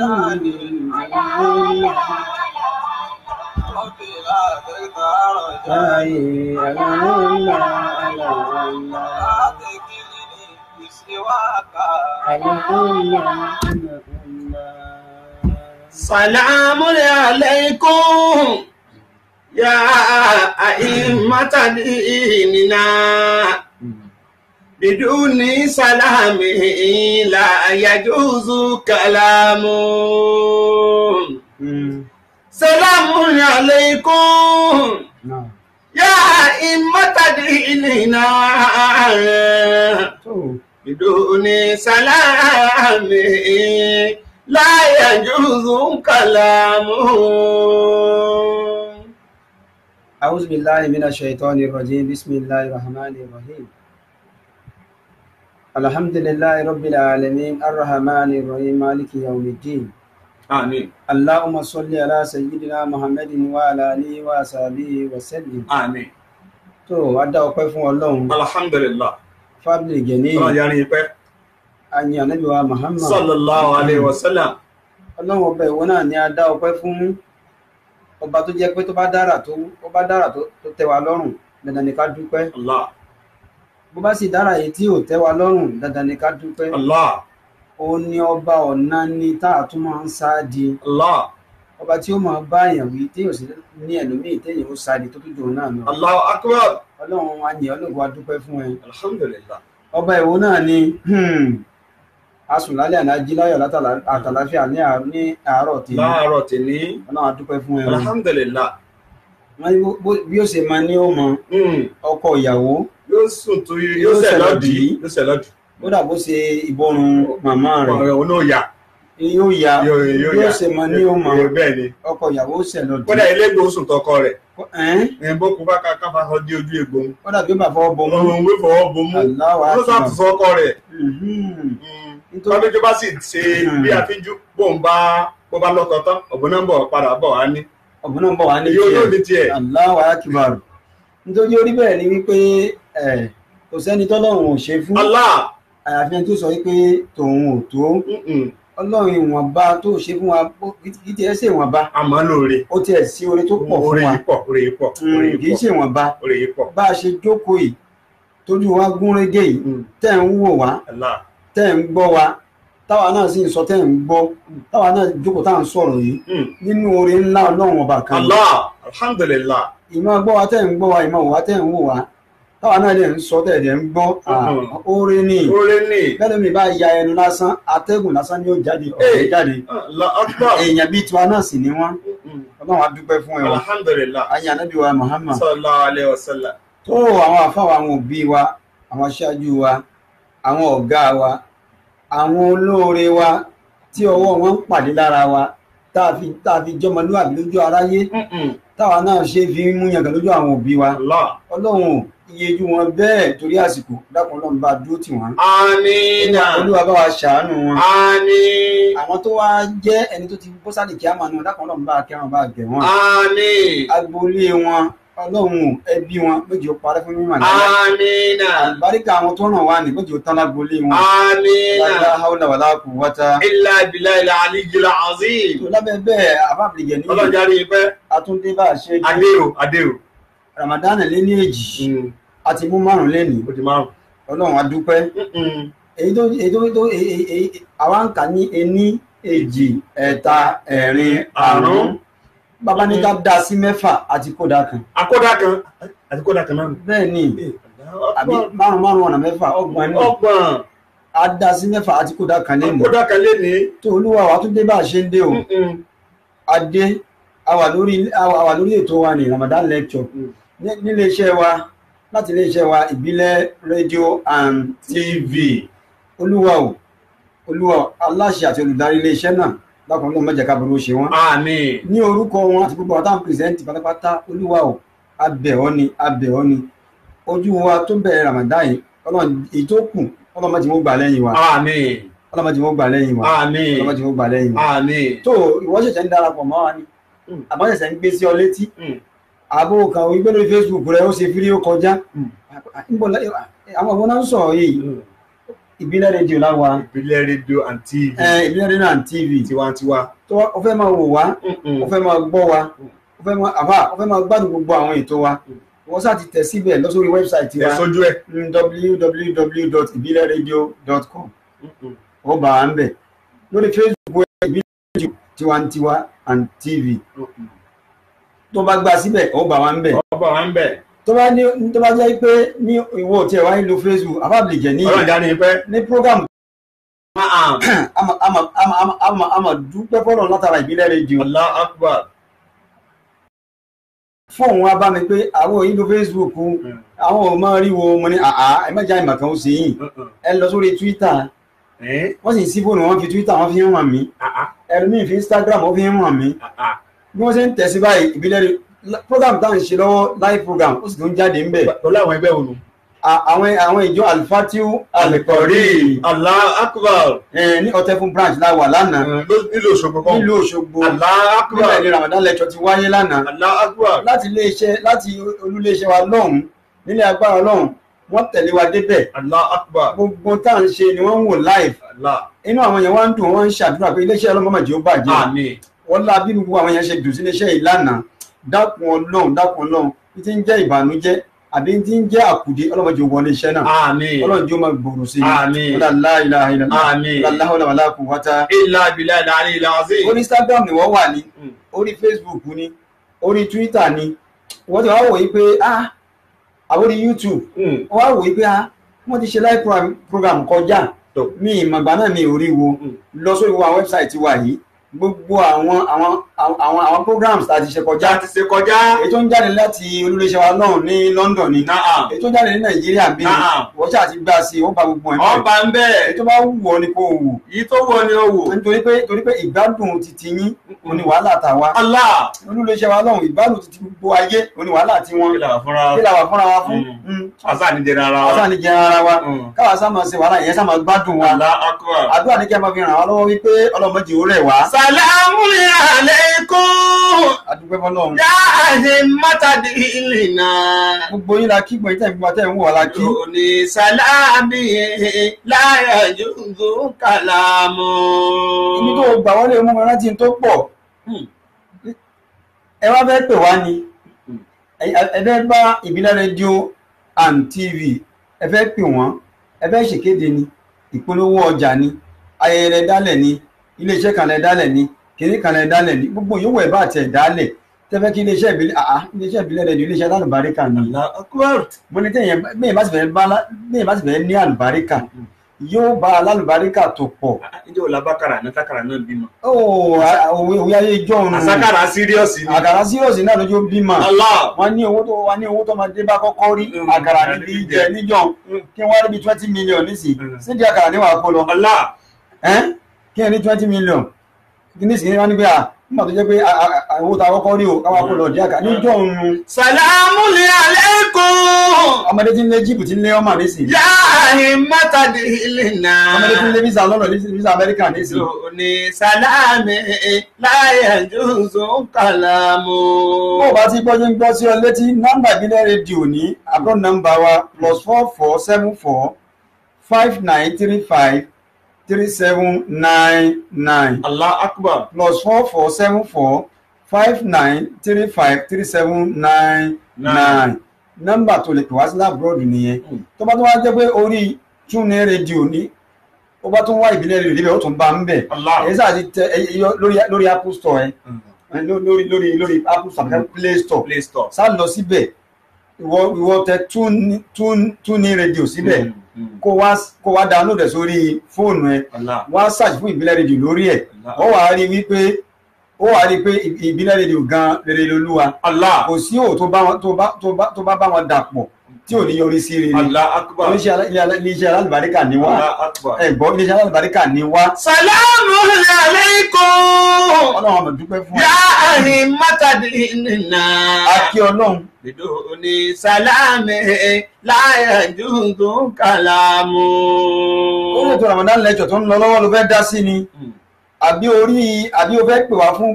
عن الجميع أي ألا ألا ألا سلام عليكم يا أئمة ديننا بدون سلامه لا يجوز كلام سلام عليكم نعم. يا إمة ديننا بدون سلامه لا يجوز كلام أعوذ بالله من الشيطان الرجيم بسم الله الرحمن الرحيم الحمد لله رب العالمين الرحمن الرحيم مالك يوم الدين آمين اللهم صل على سيدنا محمد وعلى آله وصحبه وسلم آمين tó a dá ọpẹ́ fún Ọlọ́run alhamdulilah fábílì gẹni ọyàrin ipẹ àyìn ànábì wa Muhammad sallallahu alayhi wa sallam Ọlọ́run ọba ìwọ náà ni a dá ọpẹ́ fún ọba tó jẹ́ pé tó bá dára tó tó tẹ́ wa lọ́rùn dandan ni ká dúpẹ́ Allah bó bá sì dára èyí tí ò tẹ́ wa lọ́rùn dandan ni ká dúpẹ́. o ọba ọ̀nà ni tá máa ọba tí ó máa bá èèyàn wí téèyàn sì ní ẹlòmíì téèyàn ó sáàdì tó tún dùn náà lọ. ọlọ́run wa yẹn ọlọ́run wa dúpẹ́ ọba ìwo náà ni hmm, asùnlálẹ̀ àná ajíláyọ̀ àtàláfíà ní àárọ̀ tèmi. tèmi. fún ẹ. bí ó hmm. ọkọ ìyàwó. yóò sùn tó yẹ yóò sẹ̀ lọ́dì yóò sẹ̀ lọ́dì. ó dà bó ṣe ìbọrùn màmá rẹ̀. òun náà yà. yóò yà yóò ṣe mọ ní òun mọ ọkọ ìyàwó sẹ̀ lọ́dì. kódà ilé ìgbò sùn tọkọ rẹ̀. ẹ̀ bó kú bá ká bá sọ dé ojú egbò. kódà bí bàbá ọ bomú. ọmọ òun fọwọ́ bomú. ló sọ àtúnṣe ọkọ rẹ̀. Mm-hmm. Mm. tọ́lójúbá sì ṣe mm-hmm. bí àfínjú bó ń bá bó bá lọ́kọ̀ tán ọ̀bùn náà ń bọ̀ padà bọ̀ wá ní. ọ̀bùn ń bọ̀ wá ní tiẹ̀. yóò ní nítorí orí bẹ́ẹ̀ ni wípé kò sẹ́ni tọ́lọ́run ò ṣe fún àyàfi tó sọ wípé tòun ò tó ọlọ́run ìwọ̀nba tó ṣe fún wa kì í ṣe ìwọ̀nba. àmọ́ ó tiẹ̀ sí oore tó pọ̀ fún wa. oore pọ̀ mm, kì í ṣe ìwọ̀nba. bá a ṣe jókòó yìí tójú wa gún yìí mm. tẹ́ ń wò wá tẹ́ ń gbọ́ wa táwa náà sì ń sọ tẹ́ ń gbọ́ táwa náà jókòó tá à ń sọ̀rọ̀ yìí hmm. nínú oore ńlá ọlọ́run ọba kan. Allah alhamdulillah. ìmọ̀ gbọ́ wa tẹ́ ń gbọ́ wa ìmọ̀ wò wa tẹ́ ń wò wa táwa náà lè ń sọ tẹ̀ lè ń gbọ́ oore hmm. ni oore ni bẹ́ẹ̀ mi bá ya ẹnu lásán atẹ́gùn lásán ni yóò jáde ọ̀rẹ́ eh, jáde èèyàn bíi tiwa náà sì ni wọ́n hmm. ọlọ́run á fún ẹ wa alhamdulillah ayé anabi wa Muhammad sallallahu alayhi wa sallam tó àwọn àfáwà àwọn òbí wa àwọn aṣáájú wa àwọn ọ̀gá wa àwọn olóore wa tí ọwọ́ wọn ń pàdé lára wa tá a fi tá a fi jọmọlúwàbí lójú aráyé táwa náà ṣe fi mú yangàn lójú àwọn òbí wa ọlọ́run iyeju wọn bẹ́ẹ̀ torí àsìkò dákun ọlọ́run bá dúró tì wọ́n. àmín. olúwa bá wa ṣàánú wọn. àmín. àwọn tó wá jẹ́ ẹni tó ti bọ́sálì kí á máa nu dákun ọlọ́run bá kẹ́ràn bá gẹ̀ wọ́n. àmín. agboolé wọn ọlọ́run ẹbí wọn méjì ó parẹ́ fún mímọ̀ náà. amina. àlùbáríkà àwọn tó ràn wá ní méjì ó tán lágbolé wọn. amina. lára haúlà wàlá kù wọ́tá. ilà ìbílà ilà àlejò azim. tó lábẹ́ bẹ́ẹ̀ àbábìlìjẹ ní. ọlọ́jà rí i pẹ́. àtúndé bá a ṣe. adéo adéo. ramadan lé ní èjì. Hmm. a ti mú márùn lẹ́nu. o ti márùn. ọlọ́run a dúpẹ́. èyí tó èyí tó èyí tó èyí àwa ń kà ní ení èjì ẹ̀ta ẹ̀rin àrún. Baba ní ká da sí mẹ́fà àti kódà kan. àkódà kan àti kódà kan náà. bẹ́ẹ̀ ni àbí márùn márùn ọ̀nà mẹ́fà ọgbọ̀n ni. ọgbọ̀n. a da sí mẹ́fà àti kódà kan lé ní. kódà kan lé ní. tó olúwa wa tún dé bá a ṣe ń dé o. a dé a wà lórí ètò wa ní Ramadan lecture mm. nílé iṣẹ́ wa láti ilé iṣẹ́ wa ìbílẹ̀ radio and tv olúwa o olúwa aláṣẹ àti olùdarí ilé iṣẹ́ náà lákùn ọlọ́run má jẹ́ ká burú ṣe wọ́n. àmín. ní orúkọ wọn àti gbogbo àwọn táwọn pírẹsẹ̀ntì pátápátá olúwa o a bẹ̀ ọ́ ni a bẹ̀ ọ́ ni ojú wa tó bẹ̀rẹ̀ ramadan yìí ọlọ́run èyí tó kù ọlọ́run má jẹ́ wọ́n gbà lẹ́yìn wa. àmín. ọlọ́run má jẹ́ wọ́n gbà lẹ́yìn wa. àmín. ọlọ́run má jẹ́ wọ́n gbà lẹ́yìn wa. àmín. tó ìwọ ṣẹ̀ṣẹ̀ ń darapọ̀ mọ́ wa ni hmm. àbọ̀ ṣẹ̀ṣẹ̀ ń gbé sí ọ létí hmm. àbò kan ìgbẹ́ lórí Facebook rẹ ó ṣe fídíò kọjá hmm. àwọn ọmọ náà ń sọ̀rọ̀ yìí ìbílẹ̀ rédíò láwa. ìbílẹ̀ rédíò and tv. ẹ ìbílẹ̀ rédíò and tv. tiwantiwa. tó o fẹ́ máa wò wá o fẹ́ máa gbọ́ wa o fẹ́ máa àbá o fẹ́ máa gbádùn gbogbo àwọn ètò wa mm. wọ́n sá ti tẹ̀ síbẹ̀ lọ sórí wẹ́bsáìtì wa ẹ̀sọ́jú ẹ̀ www.ibileradio.com ó bá a ń bẹ̀ lórí facebook ẹ̀ ìbílẹ̀ radio tiwantiwa and tv tó bá gbà síbẹ̀ ó bá wa ń bẹ̀. ó bá wa ń bẹ̀ tó bá ní tó bá jẹ́ pé ní ìwọ tí ẹ wá ń lo facebook àbábìlì jẹ ní ní program àmà dúpẹ́ fọ́lọ̀ látara ìbílẹ̀ rédíò fóun wa bá mi pé àwọn òyìn lo facebook hmm. àwọn ò máa ríwo mo ní àá ẹ mẹ́jà ìmọ̀ kan ó sì yìn ẹ lọ sórí twitter eh? wọ́n sì ń sí fóònù wọn fi twitter wọn fi ń hàn mí ẹlòmíì fi instagram wọn fi ń hàn mí bí wọ́n ṣe ń tẹ̀sí báyìí ìbílẹ̀ program tá à ń ṣe lọ́wọ́ live program ó sì tún jáde ń bẹ̀. pẹ̀lú àwọn ẹgbẹ́ òru. àwọn àwọn ìjọ alifatiu alikori. allah akbar. ní ọ̀tẹ́fún branch la wà lánàá. nílùú Òṣogbo kan. nílùú Òṣogbo. allah akbar. nígbà ní ramadan lecture ti wáyé lánàá. allah akbar. láti iléeṣẹ́ láti olúléeṣẹ́ wa lọ́hùn nílé agbára lọ́hùn wọ́n tẹ̀lé wa débẹ̀. allah akbar. gbogbo tá à ń ṣe ni wọ́n ń wò live. inú àwọn yẹn wá ń dùn wọ́n ń ṣàdúrà pé iléeṣẹ́ ọlọ́mọ màjì ó bàjẹ́. àmín. wọ́n lábínú gbogbo àwọn yẹn ṣe dùn sí iléeṣẹ́ yìí lánàá dákun ọlọ́run dákun ọlọ́run tí ń jẹ́ ìbànújẹ́ àbí tí ń jẹ́ àkùdé ọlọ́mọdé wọlé iṣẹ́ náà àmín ọlọ́mọdé máa gbòòrò sí i la ilaha illallah àmín la hawla wala quwwata illa billahi al-aliyyil azim. orí instagram ni wọ́n wà ní hmm. orí facebook ni orí twitter ni wọ́n ti wá wòye pé ah àbórí youtube hmm. wọ́n wá wòye pé ah wọ́n ti ṣe live program kọjá mi ìmọ̀gbà náà mi ò rí wo hmm. lọ sórí wa website wa yìí gbogbo àwọn àwọn àwọn àwọn programs tá a ti ṣe kọjá. tá a ti ṣe kọjá. ètò ń jáde láti olúléṣẹ́ wa náà ní London ni. naam ètò ń jáde ní Nàìjíríà bí. naam wọ́n ṣáà ti gbá sí i ó ba gbogbo ẹ̀ náà. ọba ń bẹ. ètò bá wù ọ ni kò wù. yìí tó wù ọ ni ó wù. nítorí pé nítorí pé ìgbádùn titi yín ó ní wàhálà tàwa. Allah olúléṣẹ́ wa náà ìgbádùn titi gbogbo ayé ó ní wàhálà tí wọ́n. kí làwà fúnra wa fún. Mm. Mm. àṣà ni jẹrẹ ara wa. àṣà ni jẹrẹ wa. Mm. káwa sá máa ṣe wàhálà yẹn sá máa wa. Allah akbar. àdúrà ní kí a máa fi ràn wá lọ́wọ́ Sàlámù aláìkùm. Adúpẹ́ fọlọ́run. Yáàyè mátàdé ilé náà. Gbogbo yín la kí gbọ̀nyí tẹ̀ fún wa tẹ̀ ń wọ̀ la kí. Lóní sàlámì láyà yóò kàlámù. Ibi tó gbà wọlé mú mi rántí tó pọ̀. Hmm. Ẹ wá fẹ́ pè wá ni. Ẹ fẹ́ bá ìbílẹ̀ rédíò and TV ẹ fẹ́ pè wọ́n ẹ fẹ́ ṣèkéde ni ìpolówó ọjà ni ayẹyẹ dálẹ̀ ni iléeṣẹ́ kan lẹ dálẹ̀ ni kìnní kan lẹ dálẹ̀ ni gbogbo yòówù ẹ̀ bá tiẹ̀ dálẹ̀ tẹ́fẹ́ kí iléeṣẹ́ ìbílẹ̀ àá iléeṣẹ́ ìbílẹ̀ rẹ̀ ni iléeṣẹ́ alálùbáríkà ni mo ní tẹ̀yẹ̀ bẹ́ẹ̀ bá ti fẹ́ ní àlùbáríkà yóò bá alálùbáríkà tó pọ̀. ǹjẹ́ o labakara ní takara náà bímọ. òwe òwe ayé ijó òun. àsakara síríọ̀sì ni. àkàrà síríọ̀sì náà lójó bímọ. wọ́n ní owó tó wọ́n ní owó tó máa dé bá kọ́kọ́ rí mm. àkàrà níbi ìjẹ níjọ mm. kí wọ́n rí bí twenty million nísìnyí sídìí mm. àkàrà níwàá kó lọ kí ẹ ní twenty million kí ní sìnkí wọn ní pé à nígbà tó jẹ́ pé owó ta kọ́kọ́ rí o káwá kó lọ díàkà níjọ́ òun. sàlámù lè aleikum. ọmọdé tí ń lé jíìpù tí ń lé ọmọ rẹ sí. yáàhì mọ́tàdé ilé náà. ọmọdé tí ń lé visa lọ́nà visa amẹ́ríkà ní sí. òní sàlámì láyà jùzọ kàlámù. bó o bá ti gbọ́jú ń gbọ́ sí ọ létí nọ́mbà ìbílẹ̀ rédíò ní àbúrò nọ́mbà wa plus four four seven four five nine three five three seven nine nine. Allah Akbar. plus four four seven four five nine three five three seven nine nine. nọ́mbà tó lè pè wá sí láàbùrọ̀dù nìyẹn hmm. tó bá tó wá jẹ́ pé orí túnú rédíò ní ó bá tún wá ìbílẹ̀ rẹ̀ níbẹ̀ ó tún bá ń bẹ̀ èyí sáà ti tẹ lórí apple store ẹ hmm. lórí lórí lórí apple store hmm. play store play store sáà lọ síbẹ̀ ìwọ ìwọ tẹ túnú rédíò síbẹ̀. Mm. Mm. kó wá kó wá download ẹ̀ sórí fóònù ẹ̀ wá search fún ìbílẹ̀ rédíò lórí ẹ̀ ó wàá rí wípé ó wàá rí i pé ìbílẹ̀ rédíò gan rere lolúwa kò sí òò tó bá wọn dàpọ̀ tí ò ní yọrí sí rere oníṣẹ́ alálùbáríkà ni wá ẹ̀gbọ́n oníṣẹ́ alálùbáríkà ni wá. sàlámù aláìkùm. ọlọ́run àmọ̀ dúpẹ́ fún wa. yá àrìn mátàdé nìna. a kí ọlọ́run. bìdó ni sàlámì láyàdúgbò kàlámù. ó lè tó ramadan lẹ́jọ̀ tó ń lọ lọ́wọ́ ló fẹ́ dá sí ni hmm. àbí orí àbí o fẹ́ pè wá fún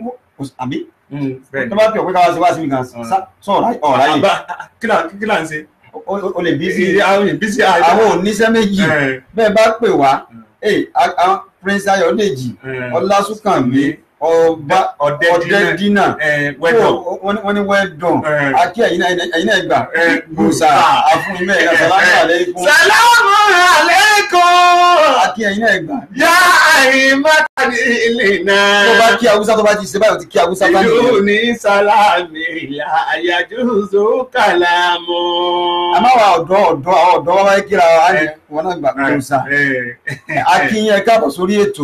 àbí hmm, tó bá pè ọ́ pé káwá sí wá sí mi kan hmm. sọ ọ̀ráyè. kí là ń ṣe o lè bísí àwọn oníṣẹ́ méjì bẹ́ẹ̀ bá pè wá Prince Ayọ̀dèjì Ọlásùnkànmí ọdẹ dínà wọ́n ní wẹ́dọ̀n àti ẹ̀yin náà gbà gbòòsà ah. àfúnni mẹ́rin sàlámù aláìkùm. sàlámù aláìkùm. àti ẹ̀yin náà gbà. yá àyìnbáta ní ilé náà. tó bá kí awúsá tó bá ti ṣe báyìí ó ti kí awúsá bá nìyẹn. ìlú ní sàlámì àyájú sókàlámù. a máa wà ọ̀dọ́ ọ̀dọ́ àwọn ọ̀dọ́ wa wáyé kíra wa wọn náà gbà gbòòsà. a kí yín ẹ káàbọ̀ sórí ètò.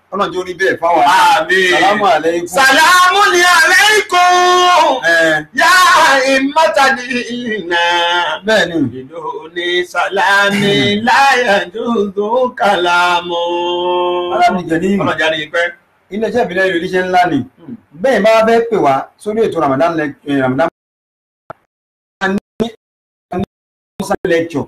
ọ̀nà tí ó rí bẹ́ẹ̀ fáwọn àmín salamu aleikum. salamu ni aleikum. yá ìmọ̀tàdì iná. bẹ́ẹ̀ni. ìlú ni salami láyà dúdú kàlámù. alábìjẹ ní ìmọ̀ ọ̀nà ìjàre pẹ́. iléeṣẹ́ ìbílẹ̀ yìí oníṣẹ́ ńlá ni hmm. bẹ́ẹ̀ bá bẹ́ẹ̀ pè wá sórí ètò Ramadan eh, Ramadan. lecture.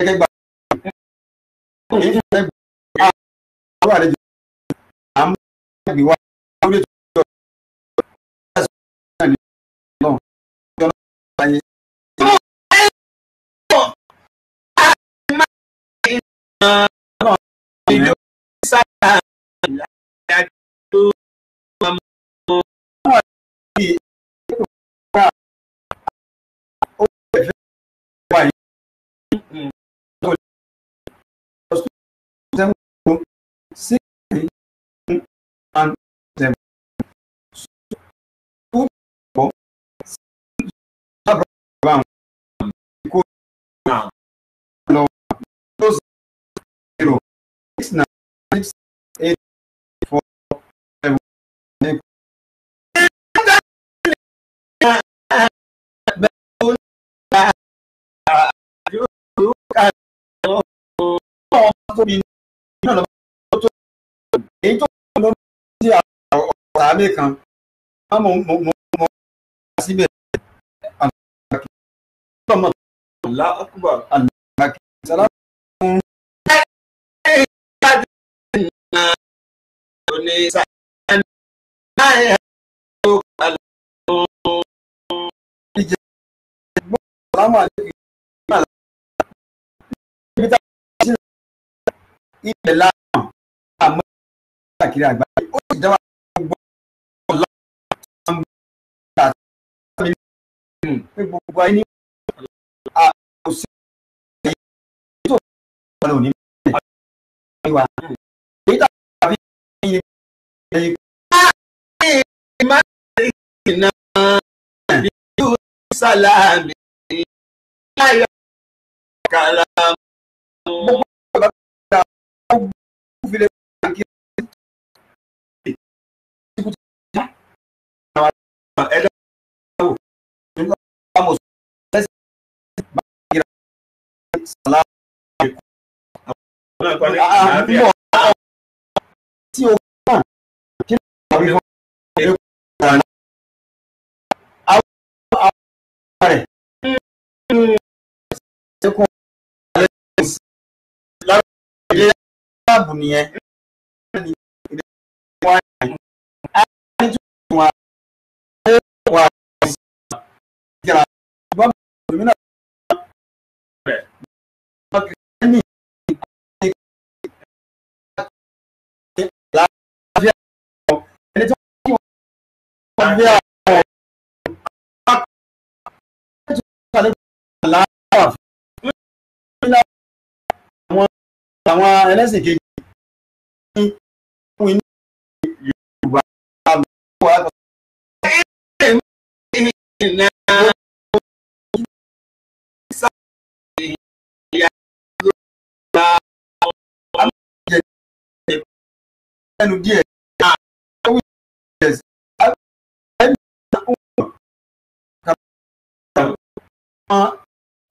gẹ́gẹ́ gbà kò ní fún ẹgbẹ́ gbà àwọn àlejò à ń gbé wá lórí ètò ìjọ ìjọ náà ní ọ̀nà ìjọ náà ní ọ̀nà. Sí, sàábé kan wọn mọ mọ mọ mọ síbẹ̀ àgbàkì ọmọ làákùbà àgbàkì sàlámù. Salamu alaikum. Ibi tá a ṣe ilẹ̀ láàmú àmọ́ ìgbà kiri àgbáyé. pé gbogbo ayé ní àkóso èyí tó wà lónìí bẹ́ẹ̀ wà èyí tó wà bí ẹyin ẹyin. Salami, ayọ̀ kàlámù. tí o bá kí ló wà wíwọ́n ẹ̀rọ kọ̀ọ̀kan náà. àwọn àwọn ọmọ rẹ̀ ṣẹ́kùn alẹ́ ìsìn lábẹ́ ìdílé ààbò nìyẹn. bí àwọn ẹlẹ́sìn kejì ní fún inú Yorùbá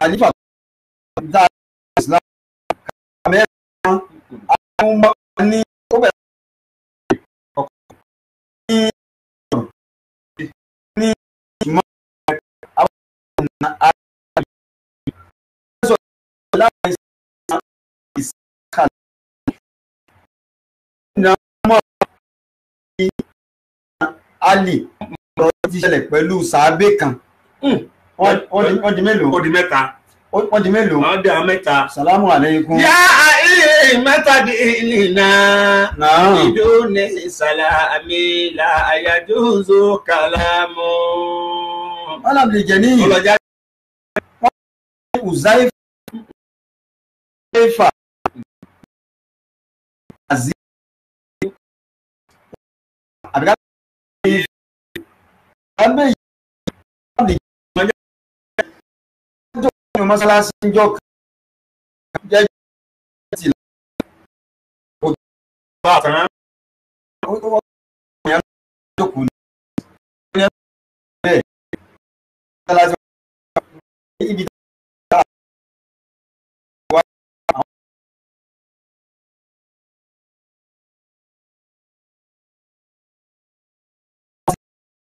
àyífà dá islam kàmẹ́rán àwọn ọmọ ní ó bẹ̀rẹ̀ ọkọ̀ ní ọ̀rọ̀ ní ìmọ̀ àwọn ọ̀nà àgbà ìṣẹ́ láàrin ìsìnkàlẹ̀ ìnà mọ́ ní àlè ọ̀rọ̀ ti ṣẹlẹ̀ pẹ̀lú sàábé kan wọ́n di mélòó. wọ́n di mẹ́ta. wọ́n di mélòó. wọ́n di mẹ́ta. salamu aleykum. yá ilé mẹ́ta di ilé náà. ìdó ní sàlámì láyàjú zó kàlámù. wọ́n làbí lè jẹ ní yìí. ọlọ́jà wọ́n ní uzaifa. azi. àbíká. àbẹ́ yìí. mọ́ṣáláṣí níjọ́ kan jẹ́ ti lọ́wọ́ òjò bá tán ó wọ́n yẹn jókòó ní ọ̀rẹ́ bẹ́ẹ̀ mọ́ṣáláṣí ibi tó bá wà àwọn.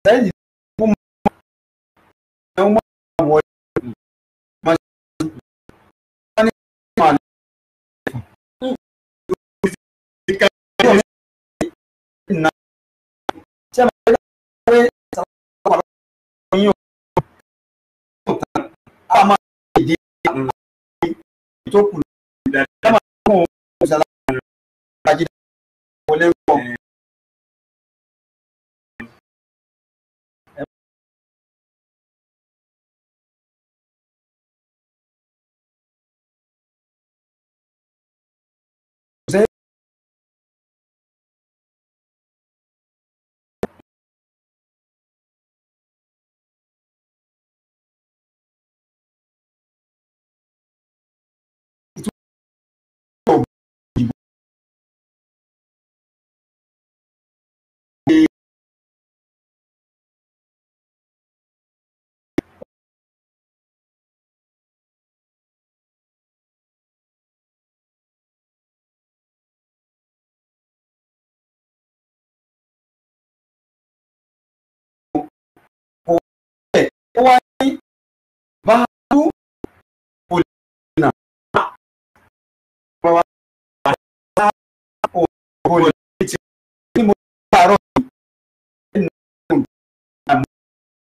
lẹ́yìn ṣé màá rí pé ìsàlọ́pàá lọ́wọ́ yín ò tán á máa ṣèdí ìtòkùn ìdàgbàsókè ìsàlọ́pàá lọ́wọ́ ó wá ní báàlú kò lè nà á bá wa bá òkò lè ti ní mo ní àárọ̀ yìí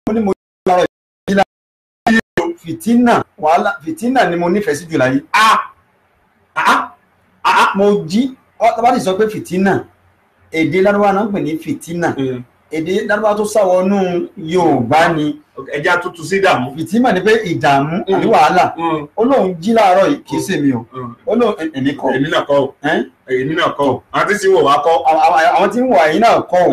mo ní mo ní àárọ̀ yìí láyé o fìtínà wàhálà fìtínà ni mo nífẹ̀ẹ́ sí jù láyé a a mo jí ọ tọ́ ti sọ pé fìtínà èdè lárúbáwá náà ń pè ní fìtínà. Hmm èdè lárúbá tó sáwọnú yorùbá ni. ẹja tuntun sí ìdààmú. ìtìmọ̀ ni pé ìdààmú àbí mm. wàhálà mm. ó lóun jí láàárọ̀ yìí kì í mm. ṣèmi o ó lóun èmi kọ́. èmi náà kọ́ o èmi náà kọ́ o àwọn tí ń wò wá kọ́. àwọn tí ń wò àyín náà kọ́ o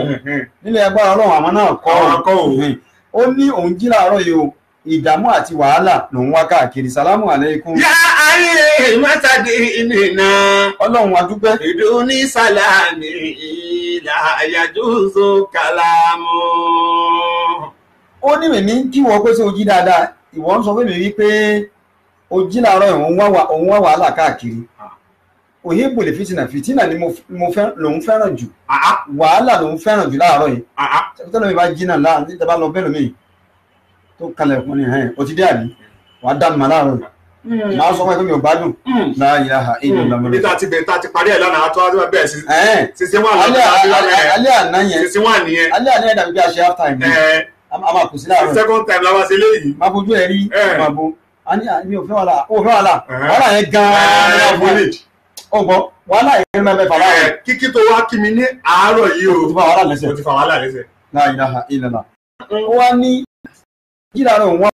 nílẹ̀ agbára ọlọ́run àwọn náà kọ́ o. àwọn kọ́ o. ó ní òun jí láàárọ̀ yìí o ìdààmú àti wàhálà lòun wá káàkiri salamu aleykum. yáa láyé mátàdé nìna. ọlọ́run wa dúpẹ́. ìdúní sàlámì ìlà àyájúzó ó ní mèmí kí wọ́n pèsè ojí dáadáa ìwọ ń sọ fún mi wípé ojí làárọ̀ òun wá wàhálà káàkiri òye bòlè fitina fitina ni mo fẹ́ lòun fẹ́ràn jù wàhálà lòun fẹ́ràn jù láàárọ̀ yìí lómi bá jìnnà bá lọ bẹ́ẹ̀ lómi tó kalẹ̀ dé àbí wàá dá mi mà láàárọ̀ máa mm. sọ fún ẹ pé mi ò gbádùn náà yìí ha ìlú ìlànà. níta ti bẹ̀rẹ̀ ta ti parí ẹ̀ lánàá tó wá bẹ̀rẹ̀ sí sísí wà lánàá alẹ́ àná yẹn sísí wà nìyẹn alẹ́ àná yẹn dàbí bí a ṣe half time yẹn a máa kù sí láàárọ̀ second time la wá sí eléyìí. máa bójú ẹ rí máa a mi ò fẹ́ wàhálà o fẹ́ wàhálà wàhálà yẹn gan-an ọgbọ́n wàhálà yẹn máa bẹ fà wàhálà yẹn. kíkí tó wá kí mi ní àárọ̀ yìí o mo ti fa wàhálà lẹ́sẹ̀. mo ti fa wàhálà lẹ́sẹ̀. náà yìí náà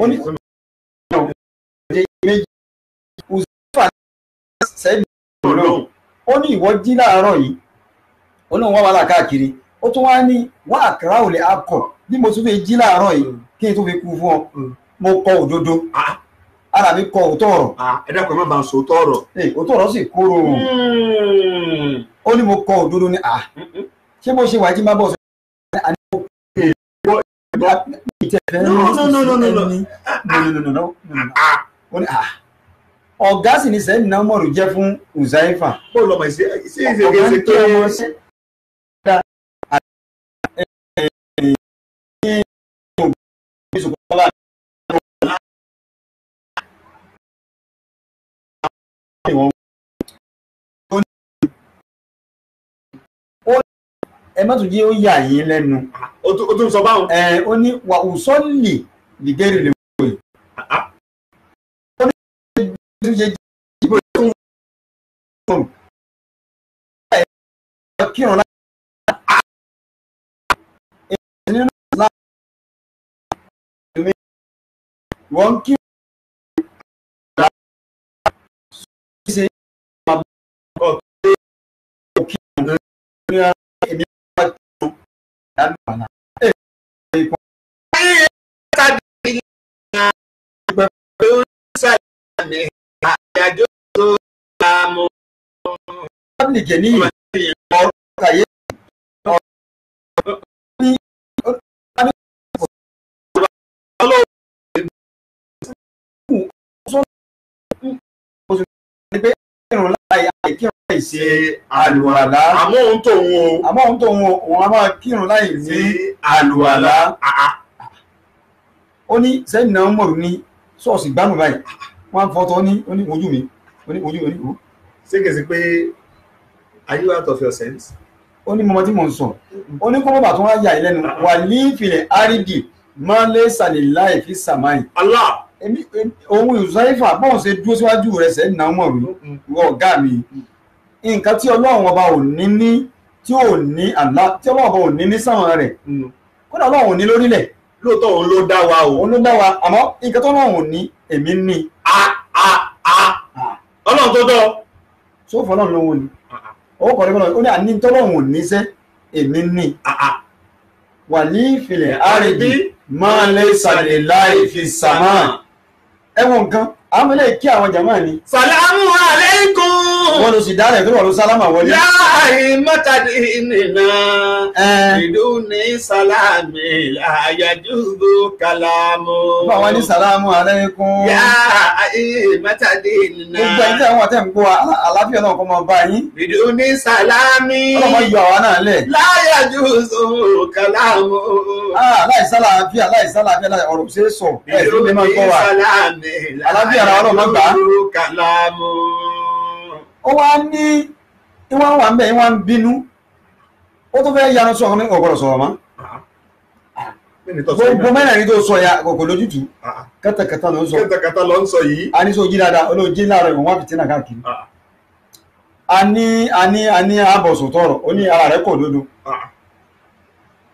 wọ́n ní ìwọ́de méjì uzefa sẹ́yìn olóhùn ó ní ìwọ́ jí láàárọ̀ yìí olóhùn wọ́n wà láà káàkiri ó tún wá ní wá àkàrà ò lè akọ̀ bí mo tún fi jí láàárọ̀ yìí kí n tún fi kú fún ọ mm. mo kọ òdodo ah. ara mi kọ òótọ́ ọ̀rọ̀. Ah, ẹ dákun sọ òótọ́ ọ̀rọ̀. Eh, òótọ́ ọ̀rọ̀ sì kúrò hmm. ó ní mo kọ òdodo ni ah. ṣé mo ṣe wàá jí má bọ̀ sọ tẹ fẹ́ rán sí ẹni. ọ̀gá sì ni sẹ́yìn náà mọ̀rù jẹ́ fún Uzaifa. ọ̀gá ń tẹ ọmọ sí. ìwọ̀n ẹ má tún jẹ́ ó yà yín lẹ́nu. o tún sọ báwọn. ẹ ó ní wà ùsọ́lì lìgẹ́rì lè wò yìí. Ah, ah. ó ní tún ṣe ìbò tó ń fún mi. kírun láti ṣe nínú ìlànà ìwọ̀n kí. àjọ tó ta mọ́. tábìlì jẹ ní ìmọ̀ kàyé ọ̀rọ̀ ní tábìlì ọ̀rọ̀ ọlọ́wọ́ ìlú ọ̀sán ní pé ìrànlọ́wọ́ àìkí ṣe àlùwàlá. àmọ́ òun tòun o. àmọ́ òun tòun o òun a máa kírun láì ní àlùwàlá. Ah, ah. ó ní sẹ́yìn náà ń mọ̀rún ní ṣọ́ọ̀ṣì gbàmù báyìí wọ́n á fọ́tọ́ ní oní mi oní mi oníwò. pé are you out of your sense. ó ní mọ́mọ́ tí mò ń sọ ó ní kọ́mọ́bà tó wá yà í lẹ́nu ah, wà ní ìfilẹ̀ árídì máa lé sàlìláì fi sàmáì. Allah ohun ìsọ̀yẹ́fà bọ́ọ̀ ṣe dúró síwájú rẹ̀ sẹ́yìn náà mọ̀rún ìwọ ọ̀gá mi nǹkan tí ọlọ́run ọba ò ní ní tí ò ní àlá tí ọlọ́run ọba ò ní ní sánmọ̀ rẹ̀ kódà ọlọ́run ò ní lórílẹ̀ lóòótọ́ òun ló dá wa o òun ló dá wa àmọ́ nǹkan tó ọlọ́run ò ní èmi ní. a a a ọlọ́run tó dọ́. sófò ọlọ́run lówó ni owó kọ̀ọ̀dé fọlọ́run ó ní àní tọ́lọ́run ò ní sẹ́ èmi ní. wà ní ìfilẹ̀ àrídì máa lè sàlẹ̀ láì fi sàmà ẹ̀wọ̀n nǹkan àwọn ilé aleikum. wọ́n ló sì dálẹ̀ pé wọ́n ló sálámà wọlé. láàyè mọ́tàdé nìna ìdúní sálámì àyàjúgbò kàlámù. bá wọn ní sálámù aleikum. láàyè mọ́tàdé nìna. gbogbo ẹni tí àwọn àtẹ̀ ń gbọ́ àlàáfíà náà kọ́ mọ bá yín. ìdúní sálámì. ọlọ́mọ yọ àwa náà lẹ̀. láyàjúgbò kàlámù. láì sálàáfíà láì sálàáfíà láì ọ̀rọ̀ ṣe é sọ. ìdúní sálámì. àlàáfíà ara ọlọ́mọ gbà. ìdúní sálámù ó wá ní ìwà wà ń bẹ̀ ìwà ń bínú ó tó fẹ́ yanu sọ̀rọ̀ ní ọ̀gbọ̀dọ̀ sọ̀rọ̀ mọ́ gbogbo mẹ́rin ní tó sọ ya kò lójútu kẹtẹkẹtẹ ló ń sọ kẹtẹkẹtẹ ló ń sọ yìí a ní sọ jí dáadáa olóòjì ńlá rẹ ìwọ̀n wá fìtínà káàkiri a ní a ní a ní àbọ̀sùn tọrọ ó ní ara rẹ kò lódo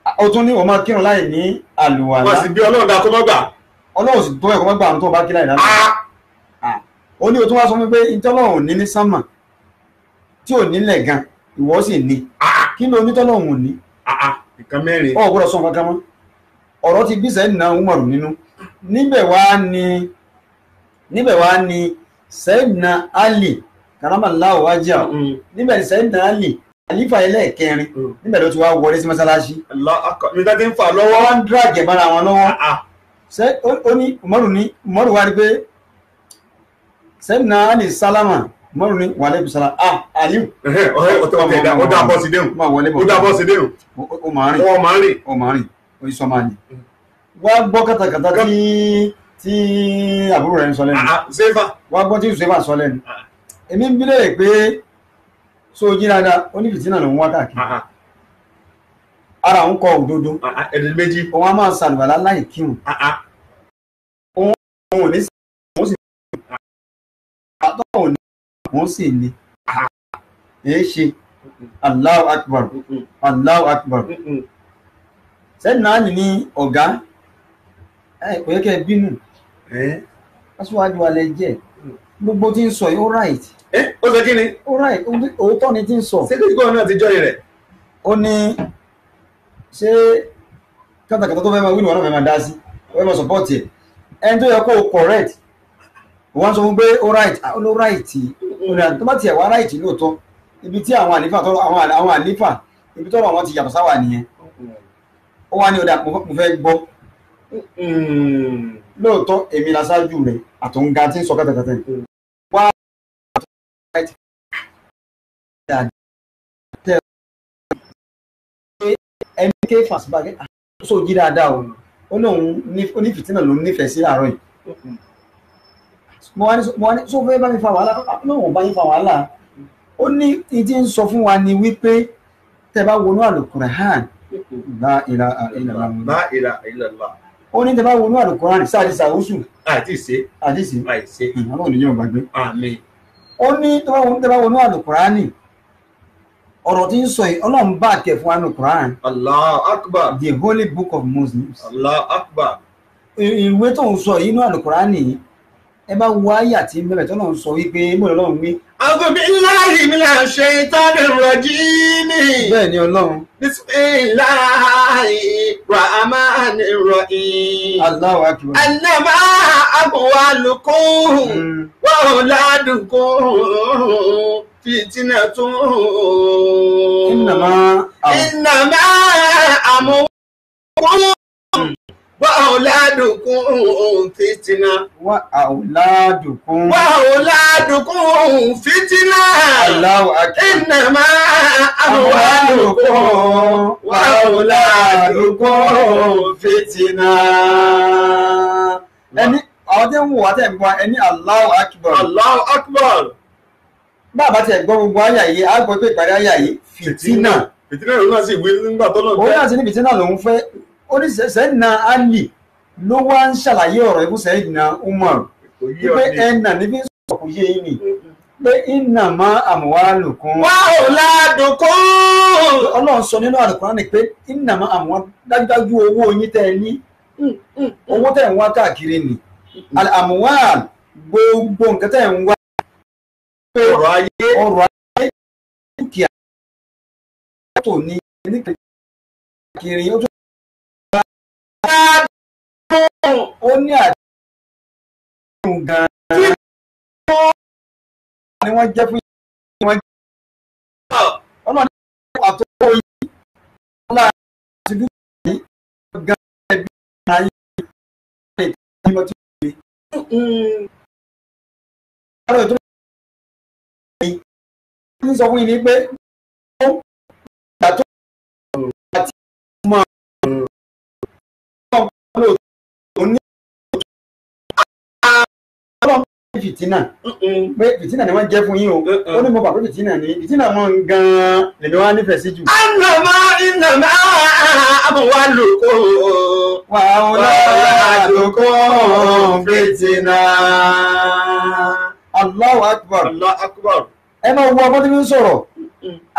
ó tún ní o máa kírun láì ní àlùwàlá wọ́n sì bí ọlọ́run dáa kó má gbà ọlọ́run sì tó ẹ̀kọ́ má àwọn tó bá kí láì dáa ó ní o tún wá sọ fún mi pé ìtọ́lọ́run ní ní sánmà tí ò nílẹ̀ gan ìwọ sì ní ah, kí ló ní tọ́lọ̀ òun ní nǹkan mẹ́rin ọ̀ gbọ́dọ̀ sọ kankan mọ́ ọ̀rọ̀ ti bí sẹ́yìn náà Umaru nínú níbẹ̀ wá ní níbẹ̀ wá ní sẹ́yìn náà Ali karamallahu wájà mm. níbẹ̀ ní sẹ́yìn náà Ali àlífà ẹlẹ́ẹ̀kẹrin mm. níbẹ̀ ló ti wá wọlé sí mọ́sálásí. nígbà tí ń fà lọ́wọ́. wọ́n ń díràjẹ̀ mọ́ra wọn lọ́wọ́. Ah, ah. ṣé ó ní Umaru ní Umaru wá rí pé sẹ́yìn náà Ali sálámà mọ́rù ní wàlẹ́ bisala ah aliu. ọ̀rẹ́ ọ̀tọ̀ ọ̀tẹ̀ o ó dá bọ́ọ̀sì déhùn ó dá bọ́ọ̀sì o ó máa rìn o máa rìn ó máa rìn ó sọ máa ní. wá gbọ́ kàtàkàtà tí tí àbúrò rẹ̀ ń sọ lẹ́nu. sefa. wá gbọ́ tí sefa sọ lẹ́nu. èmi ń bílẹ̀ pé so jí dáadáa ó ní fìtínà ló ń wá káàkiri. ara òun kọ òdodo. ẹ̀dẹ̀ méjì. òun á máa ṣàlùwàlá láì kírun. òun ò ní wọ́n sì ní èé ah, ṣe Allahu Akbar Allahu Akbar sẹ́ni náà ní ọ̀gá kò yẹ kẹ́ ẹ bínú aṣíwájú alẹ́ jẹ́ gbogbo tí ń sọ yìí ó right. ẹ ó sọ kí ni. ó right òótọ́ ni tí ń sọ. sẹ́kẹ̀tì kọ́ọ̀ náà ti jọ́yìn rẹ̀. ó ní ṣé kátàkátà tó fẹ́ máa wí ni wọn náà fẹ́ máa dá sí wọ́n máa support ẹ̀ ẹni tó yẹ kó correct wọ́n sọ fún pé ah, ó right ó ló right tó bá tiẹ̀ wá ara ìtì lóòótọ́ ibi tí àwọn àlífà tọrọ àwọn àlífà ibi tọrọ wọn ti yàtọ̀ sáwà nìyẹn ó wá ní ọ̀dà mo fẹ́ gbọ́ hmm, lóòótọ́ èmi la ṣáájú rẹ̀ àtòǹga tí ń sọ kẹ́tẹ̀kẹ́tẹ̀ wá mk fasibagẹ́ àtúnṣe ah, òjì dáadáa o ó ní onífìtínà ló nífẹ̀ẹ́ sí àárọ̀ yìí mo wá ní sọ fún bẹ́ẹ̀ bá mi fa wàhálà ah, náà wọ́n bá yín fa wàhálà ó ní ní ti ń sọ fún wa ni wípé tẹ́ bá wọnú àlùkùránì la ilaha illallah la ilaha illallah ó ní tẹ́ bá wọnú àlùkùránì sáà ti sàwùsù àti ìṣe àti ìṣe àìṣe àwọn hmm, ènìyàn gbàgbé àmín ó ní tẹ́ bá wọnú tẹ́ bá wọnú àlùkùránì ń sọ yìí ọlọ́run bá kẹ̀ fún anu quran. allah akbar. the holy book of muslims. allah akbar. ìwé tó ń sọ yìí inú àlùkùránì yìí ẹ bá wo àyà tí bẹ̀rẹ̀ tó náà sọ wípé mo lọ́rùn mi. ọkùnrin bíi láàyè mi là ń ṣe ìtọ́jú rọ̀jí mi. bẹ́ẹ̀ ni ọlọ́run. bisimilahi rahman rahim. Allahu akbar. anamá àbúwá lukùn wọ́n ládùkùn fìtínà tún. ìnàmá. Wa auladukum fitina. Wa auladukum. Wa auladukum fitina. Allahu akbar. Innama amwalukum. Wa auladukum fitina. Ẹni àwọn tí ń wò wá tẹ̀ ń bọ́ ẹni Allahu akbar. Allahu akbar. Bàbá tẹ̀ gbọ́ gbogbo àyà yìí, á gbọ́ pé ìparí àyà yìí fitina. Fitina ló náà sì wí nígbà tó lọ fẹ́. Òun náà sì ní fitina lòun fẹ́. ó ní a ali ló wá ń ṣàlàyé ọ̀rọ̀ ikú sẹ́yìnà umar wípé ẹnà níbi sọ̀rọ̀ kò yé yín ni pé iná máa àmúwálùkún. wá ò ládùnkún. ọlọ́run sọ nínú àlùkùránì pé iná máa àmúwá dájúdájú owó yín tẹ́ ẹ ní mm, mm, mm. owó tẹ́ ẹ̀ ń ni àmúwá gbogbo nǹkan tẹ́ ń wá. Adágún oní àdéhùn gan-an ni wọ́n jẹ́ fún ìyàwó àtọwọ́ ọ̀gá Ọ̀rọ̀ tó ń sọ fún yìí ni pé fìtínà pé fìtínà ni wọ́n jẹ́ fún yín o ó ní mo bà pé fìtínà ni fìtínà mọ́ ń gan-an lèmi wá nífẹ̀ẹ́ sí jù. ànàmọ́ ìnàmọ́ àbọ̀ wá lòkó. wà á wọlé lòkó fìtínà. Allahu akbar. Allahu akbar. ẹ máa wo ọmọdé mi ń sọ̀rọ̀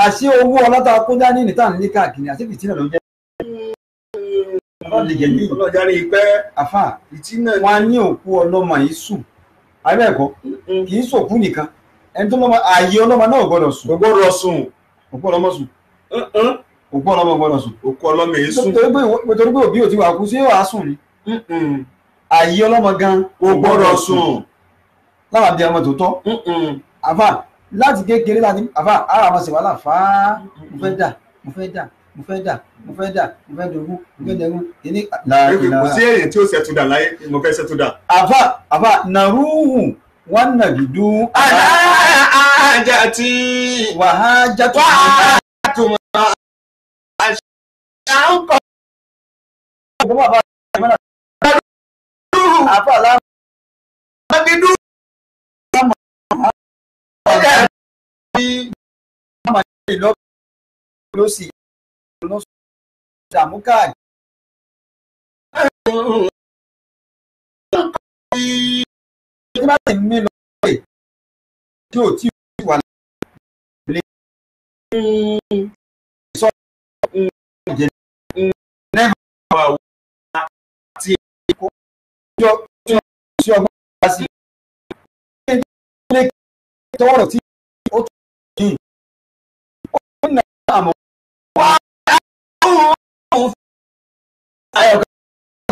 àṣé owó ọlọ́ta kọjá ní níta ní káàkiri àṣé fìtínà ló jẹ́ ọlọ́dẹ jẹ̀mí ọlọ́dẹ jẹ̀mí àfa wọn á ní òkú ọlọ́mọ yìí sùn abẹ́ẹ̀kọ́ kì í sòkú nìkan ẹni tó lọ́mọ ààyè ọlọ́mọ náà gbọ́dọ̀ sùn. gbọ́dọ̀ sùn. òkú ọlọ́mọ sùn. òkú ọlọ́mọ gbọ́dọ̀ sùn. òkú ọlọ́mọ èé sùn. nítorí pé òbí ò ti wà kú sí wàá sùn ni. ààyè ọlọ́mọ gan. ó gbọ́dọ̀ sùn. láwọn àbí ọmọ tó tọ́. àfà láti kékeré láti àfà ara àwọn ṣèwádà fàá mo fẹ́ dà mo fẹ́ dà mo fẹ́ dà mo fẹ́ dà mo fẹ́ dogun mo fẹ́ dẹ̀gun kíní. kò sí èyí tí ó ṣètò dà láyé mo fẹ́ ṣètò dà. àbá àbá nàrúhùn wọn nàbìdú. àdá àjà tí. wàhájà tó. wàhájà tó máa ń kọ́. àbá làwọn. nàbìdú. ló sì dààmú káàkiri. láàárín òun náà kọ́ sì ń mí lọ sókè tí ò tí ì wà lẹ́yìn ìlú ìsọ̀rọ̀ ìjẹ̀lẹ̀ nẹ́ẹ̀mà wà wá àti èkó ọgbọ́n wá sí i.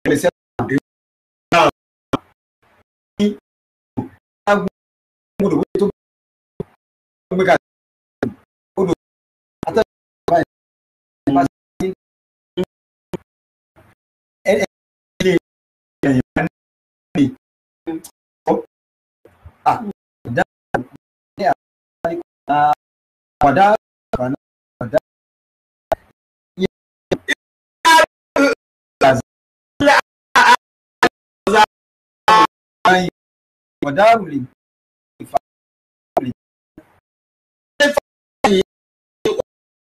ya, pada ọ̀daràn lè fà á lè jẹ́ fàáyé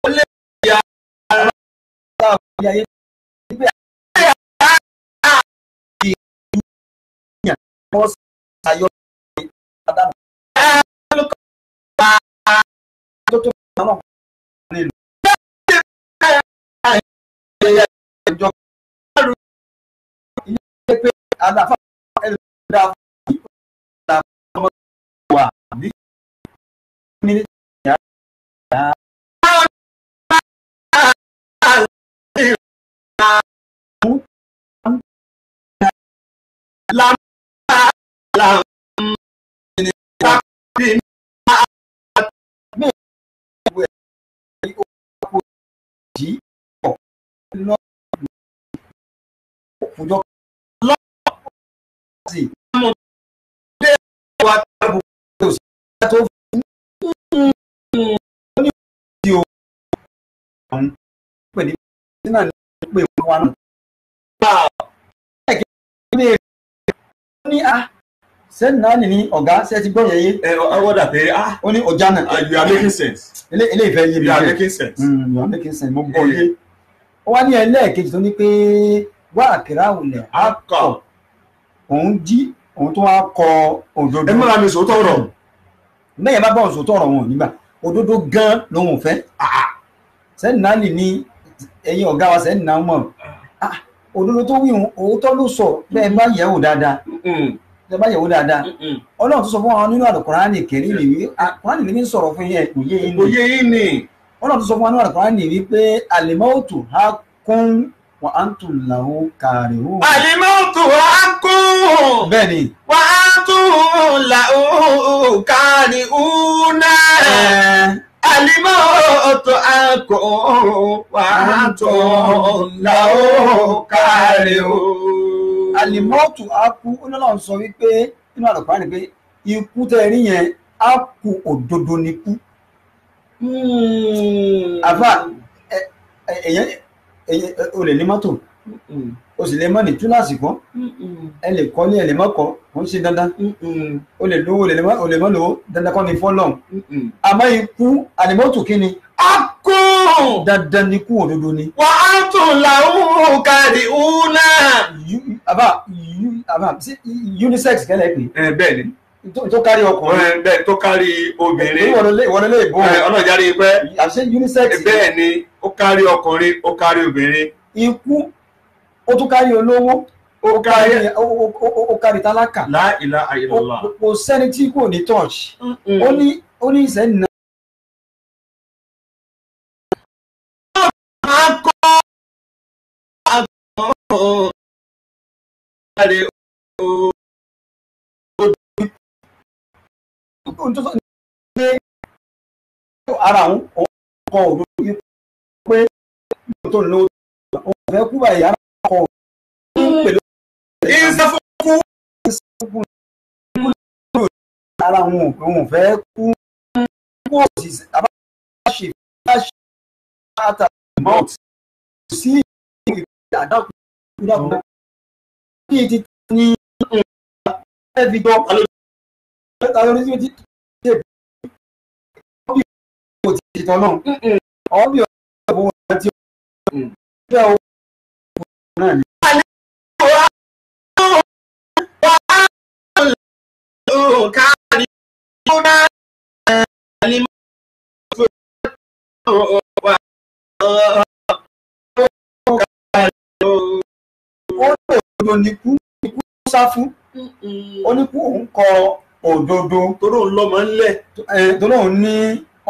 ó lè yà ara ọ̀tá àbúyá yẹn níbẹ̀ ìyẹn wọ́n ṣàyọ̀ ní àdàmú. tó tó bá wọn lè lò. ìjọba ló ń pè é àlàfà. lọ òjò lọ́wọ́ mo dé wa tábù tó fún un ní ìdí o ní a sẹ́ni náà nìní ọ̀gá ṣe ti gbọ́ yẹn yé. ẹ ọ pé a ó ní ọjà náà. you are making sense. ilé ìfẹ́ yé mi. you are making sense. you are making sense mo gbọ́ yé ó wá ní ẹlẹ́ẹ̀kejì tó ní pé wá àkìrá òlẹ̀ á kọ̀ òun jí òun tó wá kọ òdodo. ẹ múra mi sòótọ́ ọ̀rọ̀. bẹ́ẹ̀ yẹn bá bọ̀ sòótọ́ ọ̀rọ̀ wọn nígbà òdodo gan lòun fẹ́ sẹ́yìn náà lè ní ẹ̀yin ọ̀gá wa sẹ́yìn náà mọ̀ ah. ah, òdodo tó wíhun òótọ́ ló sọ bẹ́ẹ̀ bá yẹ̀ wò dáadáa bẹ́ẹ̀ bá yẹ̀ wò dáadáa ọlọ́run tó sọ fún wa nínú àlùkùránì kẹrin nìyí àkùránì mi sọ̀rọ̀ fún yẹn kò yé ni wọn náà tún sọ fún wa ní àlùkòrán ní wípé àlèmọ́ọ̀tù á kún wà á tún làwọn kàrí hù. àlèmọ́ọ̀tù á kún. bẹ́ẹ̀ni. wà á tún làwọn kàrí hù náà. àlèmọ́ọ̀tù á kún wà á tún làwọn kàrí hù. àlèmọ́ọ̀tù á kún ó lọ́nà sọ wípé nínú àlùkòrán ní pé ikú tẹ́ ẹ rí yẹn á kú òdodo ni kú. Hmm. àfà ẹ̀yẹn o lè ní mọ́tò hmm. o sì lè mọ́ ní túláàsì kan hmm. ẹ lè kọ́ ní ẹ lè má kọ́ kò ń ṣe dandan o lè lówó o lè má lówó dandan kọ́ ni fọ́lọ́n àmọ́ ikú ànímọ́tò kí ni akó dandan ni kú òdodo ni. wà á tún làwọn kàdí una. àbá àbá unisex kẹlẹ pè. ẹ eh, bẹ́ẹ̀ ni tó kárí ọkùnrin bẹ́ẹ̀ tó kárí obìnrin ìwọlọlẹ ìbò ọlọjàre pẹ àṣẹ unisex bẹ́ẹ̀ ni ó kárí ọkùnrin ó kárí obìnrin. ikú ó tún kárí olówó ó kárí ó kárí tálákà láìla àyẹlọlá kò sẹ́ni tí kò ní touch ó ní ó ní ìṣẹ́ nà. máa kọ́ àgbọ̀n ọ̀rọ̀ rẹ̀ o. ohun tó sọ ní pé ara àwọn ọkọ òdo yìí pé lóòótọ́ ló fẹ́ kú báyìí ara ọkọ òdo ń pèlú. ìsàfùkù ara àwọn òun fẹ́ kú kú òṣìṣẹ́ àbáṣe fíláṣẹ pátá mọ́t sí ìwé àdákùn ìdákùn kí ti ní ẹ̀ẹ́dì tàbí oníṣẹ́ ti ṣe bí kò tí ì ṣètò náà ọ̀hún bí ọ̀hún bó wọn ti ọ̀hún ọ̀hún náà ni. ó lè oníkú ikú sá fún oníkú òun kọ òdodo. toró ń lọ́mọ ńlẹ̀. toró ń ní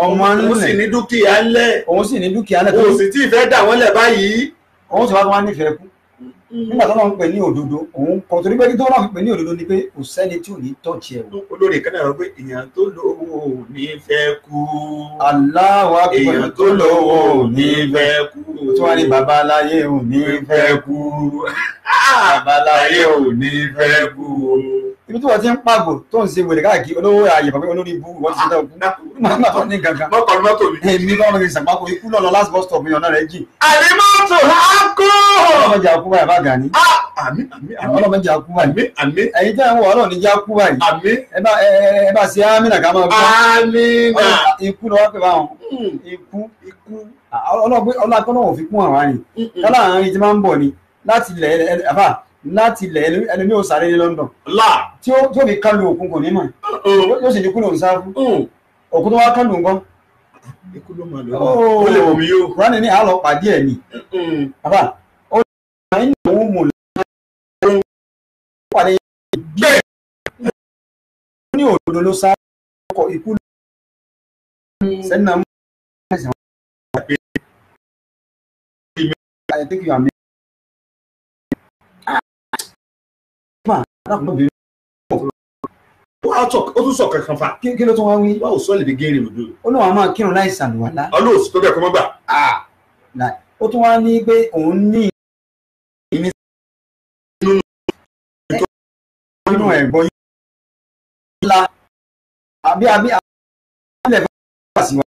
ọmọ ńlẹ̀. òun sì ní dúkìá ńlẹ̀. òun sì ní dúkìá ńlẹ̀. òun sì tí ì fẹ́ dà wọ́n lẹ̀ báyìí. òun sì wá fún wa nífẹ̀ẹ́ kú. Mm-hmm. nígbà tó náà ń pè ní òdodo òun kò torí pé tó náà ń pè ní òdodo ni pé kò sẹ́ni tí ò ní tọ́jú ẹ̀ o. olórí kan náà rọ pé èèyàn tó lówó ò ní fẹ́ kú. aláwa pẹ̀lú èèyàn tó lówó ò ní fẹ́ kú. tó wá ní bàbá aláyé ibi tí wọ́n ti ń pàgò tó ń ṣe wèrè káàkiri olówó ààyè bàbá olórí ibú wọ́n ti ṣe dáwọ́ nígbà tó ní gangan. mọ́tò mọ́tò mi. èmi bá wọn kì í sàpákò ikú lọ́lọ́ last bus stop yan náà rẹ̀ jì. àní mọ́tò lákò. ọlọ́mọdé àkúbà yà bá gà ní. Ah, àmín àmín àmín ọlọ́mọdé àkúbà ní. àmín ẹ̀yin tẹ́ ń wọ ọlọ́run níjà àkúbà yìí. àmín ẹ bá ṣe amínà ká máa gbọ́. amínà. ikú ló wá pè báwọn. Hmm. ikú ikú. ọlọ́gbọ́n ọlọ́gbọ́n náà ò fi kún àwọn àyìn. kálá àárín ti máa ń bọ̀ ni láti ilẹ̀ àbá láti ilẹ̀ ẹlòmí ò sáré ní London tí ó fi kálù òkun kò ní mọ̀ yóò sì ní kúlò ń sáfù òkun tó wá kálù ńkọ́. ikú ló máa lọ ó lè wò mí yó. kúránì ní àlọ́ pàdé ẹ̀ ni. bàbá ó ní àwọn ẹni òun mò lọ́wọ́ ó pàdé bẹ́ẹ̀ ó ní òdodo ló sá ọkọ̀ ikú ló sẹ́ni náà mú ẹ̀sìn wọn. arákùnrin ó tún sọ kankan fa. kí ló tún wá wí. báwo sọ lè fi géèrè lòdò. ó náà wàá máa kírun láì sàlùwàlá. ọlọ́ọ̀sì tó bẹ̀ kọ́ mọ́ gbà. ó tún wá ní pé òun ní nínú ẹ̀gbọ́n yìí la àbí àbí àbílẹ̀ fà sí wa.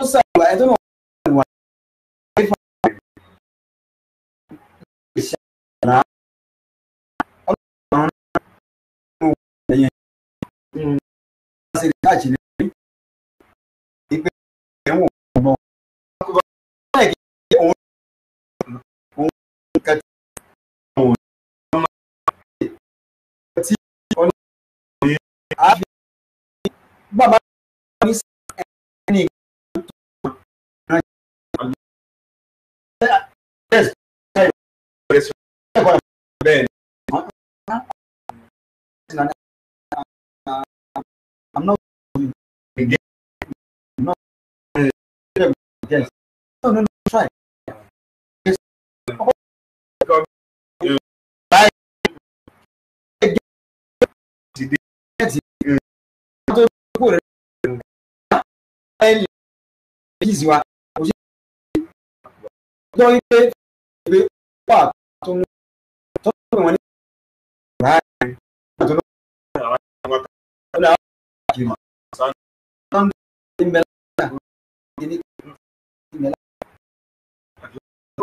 ó sàrùwà ẹ̀tọ́ náà wà ní wà ní fà sí wa. ṣe lè káàṣì lè rí ìpè I'm not going to get no yes. No, no, no, try. Yes. Right.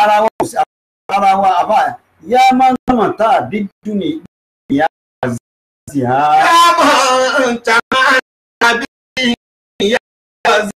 ara wọn kò sí ara wọn àbá yá máa ń tọ̀nà tá a bí dùnì ìyá àzì yá máa ń tọ̀nà tá a bí ìyá àzì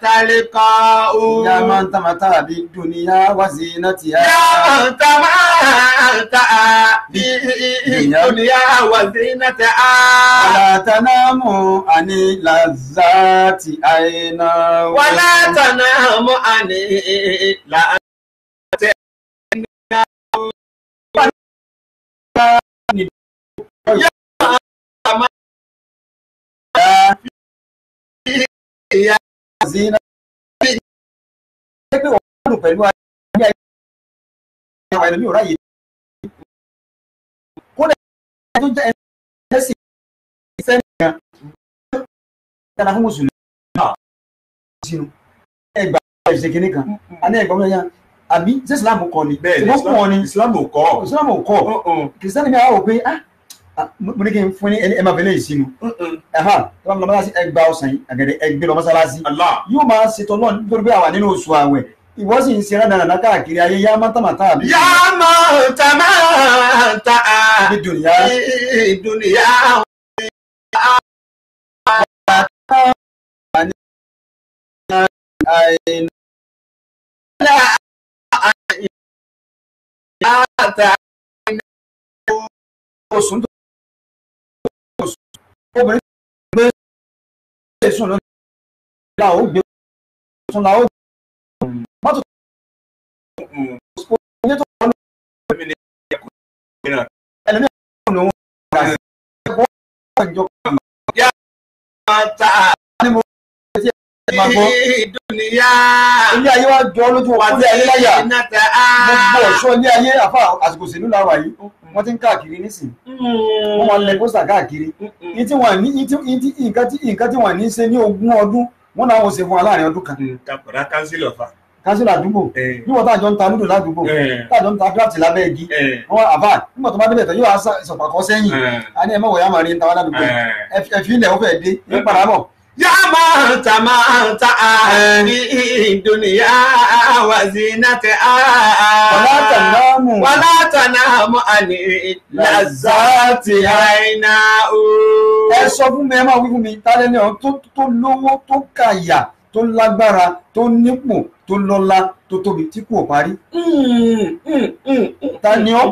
تلقاء يا من تمتع بالدنيا وزينتها يا من تمتع بالدنيا وزينتها ولا تنام عن لذات عينا ولا تنام عن لذات Yeah. zina pé wọ́n dùn pẹ̀lú ayé àwọn ẹlòmíì ráyè kódà ẹni tó jẹ́ ẹni tó iṣẹ́ nìkan dára fún mùsùlùmí náà sínú ẹgbà ìṣe kìnnì kan àní ẹgbà ọmọdé yẹn àbí ṣé islam kọ́ ni bẹ́ẹ̀ ni islam kọ́ ni kìrìsìtẹ́nì mi àwọn òpin Ah, mo ní kí n fún ní ẹ máa fẹlẹ ìsinu ẹgbà ọsàn yìí àgẹ̀dẹ̀ ẹgbẹ́ lọ yóò máa ṣètò náà nítorí pé àwa nínú oṣù àwẹ̀ ìwọ sì ń ṣe rádàrà náà ayé yá má tàmátà àbí. yá má tàmátà àbí dùnìyà dùnìyà oṣù tó obìnrin gbé ilé sùn lónìí la ó gbé sùn la ó gbé mọ́tò tó ń tó wọ́n lórí mi ní ẹ̀kọ́ ìrìnà ẹlẹ́mìí ẹ̀kọ́ ló ń gbà sí ẹ̀kọ́ ìjọba yá máa ta ni mo ṣe ti ẹ̀ máa gbọ́. ìdúnìyá ilé ayé wa jọ lójú wa tí ayé láyà gbogbo ọ̀ṣọ́ ilé ayé àfa àsìkò ìṣèlú làwà yìí wọ́n ti ń káàkiri nísìn mm-hmm. wọ́n máa ń lẹ pósítà káàkiri nǹkan tí wọ́n ní ṣe ní ogún ọdún wọ́n náà wọ́n ṣe fún wa láàrin ọdún kan. kàpàrà kánsílọ̀ fà. kánsílọ̀ àdúgbò eh. bí wọ́n tàjọ ń ta lúdò ládùúgbò eh. tàjọ ń ta gíláàsì lábẹ́ igi eh. wọ́n àbá nígbà tó bá débẹ̀ tó yóò sọ̀pàkọ́ sẹ́yìn a ní ẹ mọ̀wọ̀ yá máa rí ń ta wá ládùúgbò ẹ fi ilẹ̀ ó fẹ́ dé ní parabọ̀ يا من تمتع بالدنيا وزينتها ولا تنام ولا تنام عن لذات عيناه ẹ sọ fún mi ẹ máa wí fún mi ìtàlẹ́lẹ́ ọ̀hún tó tó lówó tó kàyà tó lágbára tó nípò tó lọ́lá tó tóbi tí kò parí. Hmm, hmm, hmm, ta ni ọ́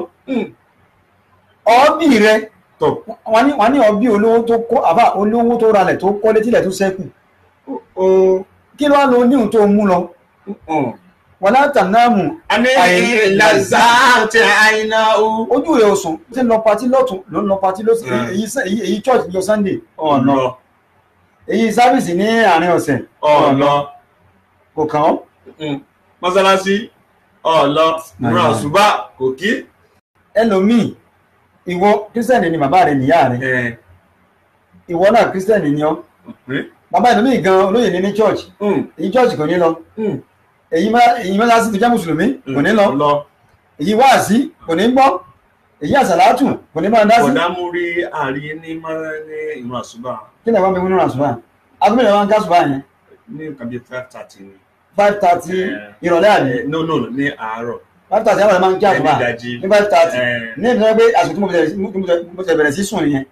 ọ́bì rẹ tọ wọn ní wọn ní ọbí olówó tó kó àbá olówó tó ralẹ̀ tó kọ́lé tílẹ̀ tó ṣẹ́kù kí ló wá lo oníhùn tó mú lọ wàlá tànámù àìlàzáàtì àìná ojú rẹ̀ ò sùn tí ń lọ patí lọ́tún ló ń lọ patí lọ́sùn èyí church lọ sunday ọ̀nà èyí sáfìsì ní àárín ọ̀sẹ̀ ọ̀nà kò kàn ọ́. mọ́sálásí ọ̀lọ́ múra ṣùgbọ́n kò kí. ẹlòmíì ìwọ kírísítẹ́nì ni bàbá rẹ nìyá rẹ eh. ìwọ náà kírísítẹ́nì ni ọ bàbá ìlú mi gan olóyè ní ní chọ́ọ̀chì hmm. èyí chọ́ọ̀chì kò ní lọ hmm. èyí mẹ́lásí tó jẹ́ mùsùlùmí kò ní hmm. lọ èyí wáàsí kò ní gbọ́ èyí àsàlátù kò ní máa dá sí. ọ̀dà mú rí àárín ní ìrun àṣùbà. kí ni ẹ bá mi wí nínú àṣùbà agbóhùn ìlànà ń ká yẹn. ní kàbí five thirty ni. five thirty eh. ìrọ̀lẹ́ àná. Eh, no no ní àárọ̀ five thirty àwọn ẹ̀ máa ń jẹ́ àdúrà ní five thirty ní ìdílé pé àsìkò tí mo ti bẹ̀rẹ̀ sí sùn nìyẹn.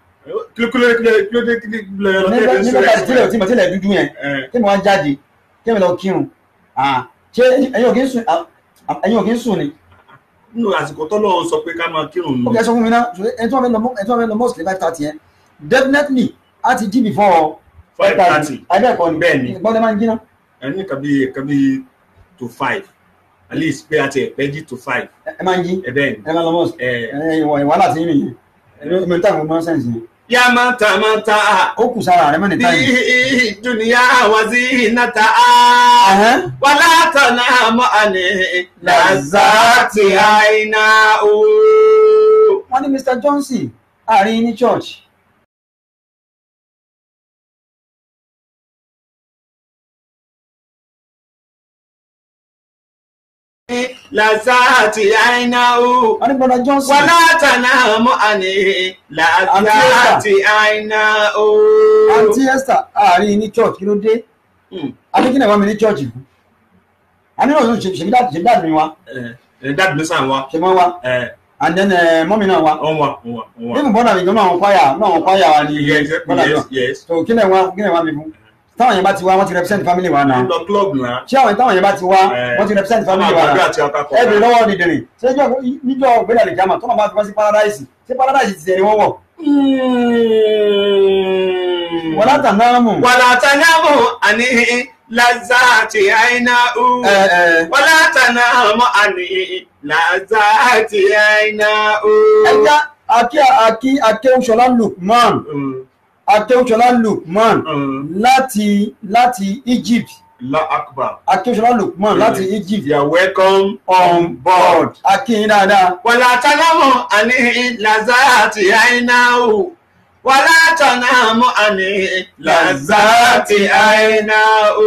kílódé kílódé kílódé kílódé lọ́tẹ̀lẹ̀ sọ̀rọ̀ nígbà tí tí mo tilẹ̀ dúdú yẹn tí mo wá jáde tí mo lọ kírun ṣé ẹ̀yin ò kí ń sùn ah, ah, ni. nínú àsìkò tọ́lọ́ sọ pé ká máa kírun nù. ó kẹ́ sọ fún mi náà ẹni tí wọ́n fẹ́ lọ mọ́ọ̀sì ní five thirty yẹn definitely a ti jí before five thirty abẹ́ẹ̀kọ́ ni bẹ́ẹ̀ ni. ẹni kàbí kàbí to five at least pé àti ẹ̀pẹ́ jí to five. ẹ máa ń jí ẹ bẹ́ẹ̀ ni ẹ máa lọ mọ́ọ̀sì ẹ wàhálà tí yín nìyẹn mi ta àwọn ọmọ sẹ́ǹsì yẹn. yá máa ta máa ta. ó kù sára rẹ mọ́ni táyì. bí dunuya wá sí iná ta á. wàlá tànà mọ́ àná làzà tí àìná o. wọ́n ní Mr Johnson àárín ní church. lazati ainahu. wọ́n ní bọ́dà johnson. wọ́n látàná mọ́ àní lazati ainahu. àǹtí esther àárín ní church kí ló dé. adékínà bá mi ní church kú. a nílò ọ̀sán ṣèbí dáàbì mi wá. dáàbì mi sàn wá. ṣe mọ́ wá and then uh, mọ́mí náà wá. ọ̀n wa ọ̀n wa. nínú bọ́dà mi gan náà àwọn fáyà náà àwọn fáyà wa ni. yes yes so kí lè wá kí lè wá mi fún táwọn yẹn bá ti wá wọ́n ti represent family wa náà. lọ club náà. ṣé àwọn táwọn yẹn bá ti wá wọ́n ti represent family wa náà. ẹbí lọ́wọ́ dìdìrín ṣé níjọ́ ògbélà lè jámà tọ́nà bá fi wá sí paradise ṣé paradise ti ṣẹ̀rí wọ́n wọ̀. Hmm. wàlá tànámù. wàlá tànámù àní lazati aina u. wàlá tànámù àní lazati aina u. ẹja akí akí akéwùsọlá Lukman. Hmm akéwùsọlá lukman láti láti egypt la akbar akéwùsọlá lukman láti egypt you are welcome on board Akin dáadáa. wàlá tálámù àní lazati àìnáwó wàlá tálámù àní lazati àìnáwó.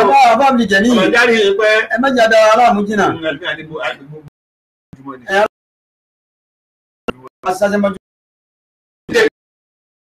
àbá àbá mi jẹ níyì ẹ mẹjọ dára aláàmú jìnnà ẹ aláàmú jìnnà.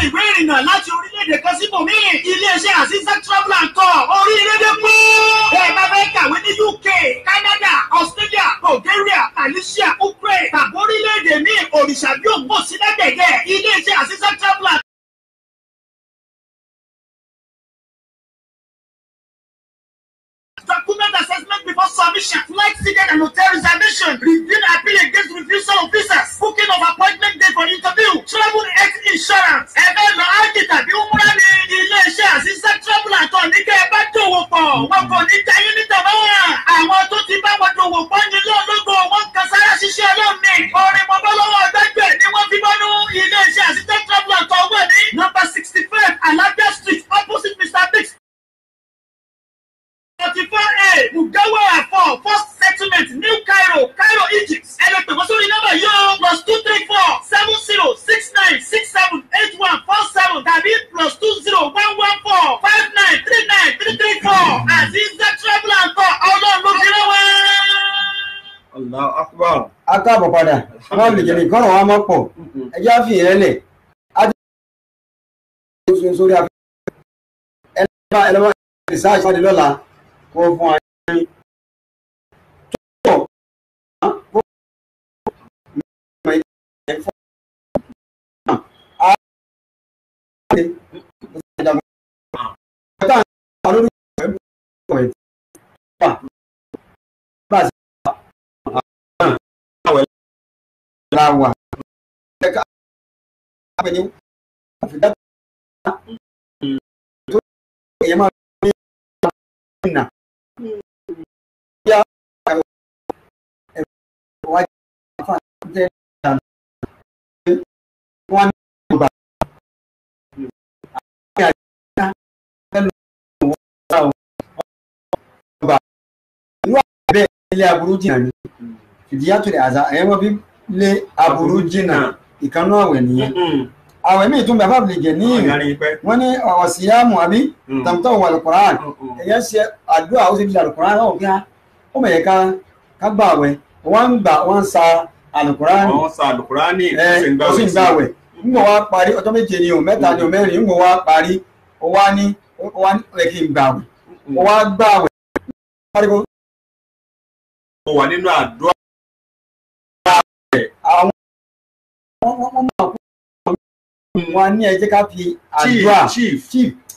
ṣe ìwé ìrìnnà láti orílẹ̀-èdè kan síbòmíì iléeṣẹ́ àṣìṣe travel and tour orí rédíò pé bẹ́ẹ̀ bá fẹ́ kàwé ní UK Canada and hotel reservation, review appeal against refusal of visas, booking of appointment day for interview, travel health insurance. Ẹ̀fẹ́ lọ ájì tàbí wúmúrá ní ilé-iṣẹ́ àṣìṣe travel àtọ̀ ní kẹ́ ẹ bá dòwò pọ̀. Wọ́n kò ní jayé níta báwọn. Àwọn tó ti bá wọn dòwò pọ̀ ní lọ́ọ̀lọ́gbọ̀ wọn kan sára ṣiṣẹ́ ọlọ́ọ̀mì. Orin mọ́bọ́lọ́wọ́ ọ̀dájú ẹ̀ ni wọ́n fi mọ́nú ilé-iṣẹ́ àṣìṣe travel àtọ̀ wẹ̀ ní. Nọ́mbà sixty five Alabia street opposite Mr. Biggs forty-four a mugawa afọ first settlement new cairo cairo egypt ẹlẹpẹ wọ́n sórí nọ́mbà yóò plus two three four seven zero six nine six seven eight one four seven tàbí plus two zero one one four five nine three nine three three four àti zed travel and tour ọlọ́run ló fi rẹ́ wá. Allahu akbar. a káàbọ̀ padà wọ́n lè jẹ́ ní ìkọ́rọ̀ wọn á mọ̀ pọ̀ ẹjẹ́ á fi ìyẹn lẹ̀ á ti sórí kó fún wa ní tó pọ̀ kó mọ̀ ẹ̀ fún wa. a ṣe ìdàgbàsókè ọ̀tá àlórí ìwé ẹ̀ wà bá a ṣe wà àwọn àwẹ̀ la wà. ẹ̀ka àpèjì àfìdá tó èèyàn máa ń ní ìlànà. jẹ́ wọ́n ní ìgbà àwọn àjẹká pẹ̀lú ìwọ́nba ọba irú àbẹ̀ ilé aburú jìnnà ni fìdíyàtúrẹ̀ àzà ẹ̀rọ bí lé aburú jìnnà ìkànnú àwẹ̀ nìyẹn àwẹ̀ míì tún bẹ̀fà bìlìjẹ̀ ní wọ́n ní ọ̀síyàmù àbí tàmtọ̀ wà lùkùrán ẹ̀yẹ́ ṣe àdúrà ó sì fi ṣàlùkùrán náà ó fi hàn ó àwẹ̀ wọ́n gbà wọ́n sa alukurani wọ́n sa alukurani eh, ó sì ń gbàwẹ̀ ńgbò wá parí ọjọ́ méje ni o mẹ́ta ni o mẹ́rin ńgbò wá parí ó wá ní ó wá ní kí n ó wá mo wà nínú àdúrà àwọn máa kú wọn ní ká fi àdúrà chief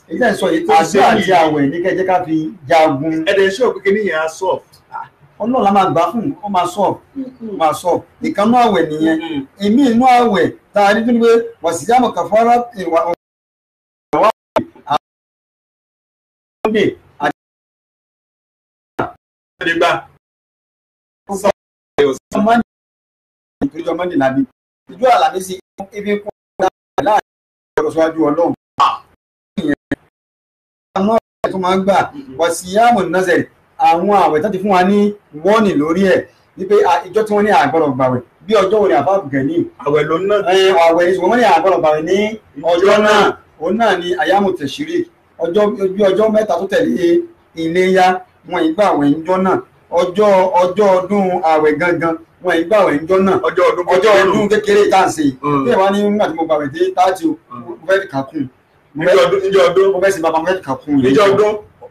èyí tẹ̀ sọ yìí àdúrà àti àwẹ̀ ní fi jagun. ọlọ́run la máa gbà fún ọ máa sọ ọ máa sọ ìkànnú àwẹ̀ nìyẹn èmi mm-hmm. inú àwẹ̀ tá a rí tó ní pé wàsíyàmù kàfárá ìwà ọ̀wá ọ̀dẹ̀ àdìgbà sọ ọ̀sán mọ́ndé ìtòjọ mọ́ndé nàbí ìjọ àlàmísì ibi kọ́ ọ̀dà láàrin ọ̀rọ̀ síwájú ọlọ́run ìyẹn àwọn ọ̀rẹ́ tó máa gbà mm-hmm. wàsíyàmù nọ́sẹ̀rì àwọn àwẹ̀ tó ti fún wa ní wọ́ọ̀nì lórí ẹ̀ wípé ìjọ tí wọ́n ní àgbọ̀rọ̀ gbàwẹ̀ bí ọjọ́ wo ni àbá gẹ̀ẹ́nì. àwẹ̀ ló ná. àwẹ̀ ìṣòwò wọn ní àgbọ̀rọ̀ gbàwẹ̀ ní ọjọ́ náà òun náà ni àyàmù tẹ̀sírì ọjọ́ bí ọjọ́ mẹ́ta tó tẹ̀lé iléyá wọn ìgbà àwẹ̀ ńjọ́ náà ọjọ́ ọjọ́ ọdún àwẹ̀ gangan wọn ìgbà àwẹ̀ ńjọ́ náà ọjọ́ ọdún kékeré tá à ń ṣe hmm. bí ìwà ní nígbà tí mo gbàwẹ̀ dé táàtì hmm. mo fẹ́ kà kún un níjọ́ ọdún mo fẹ́ sin bàbá mo fẹ́ kà kún un níjọ́ ọdún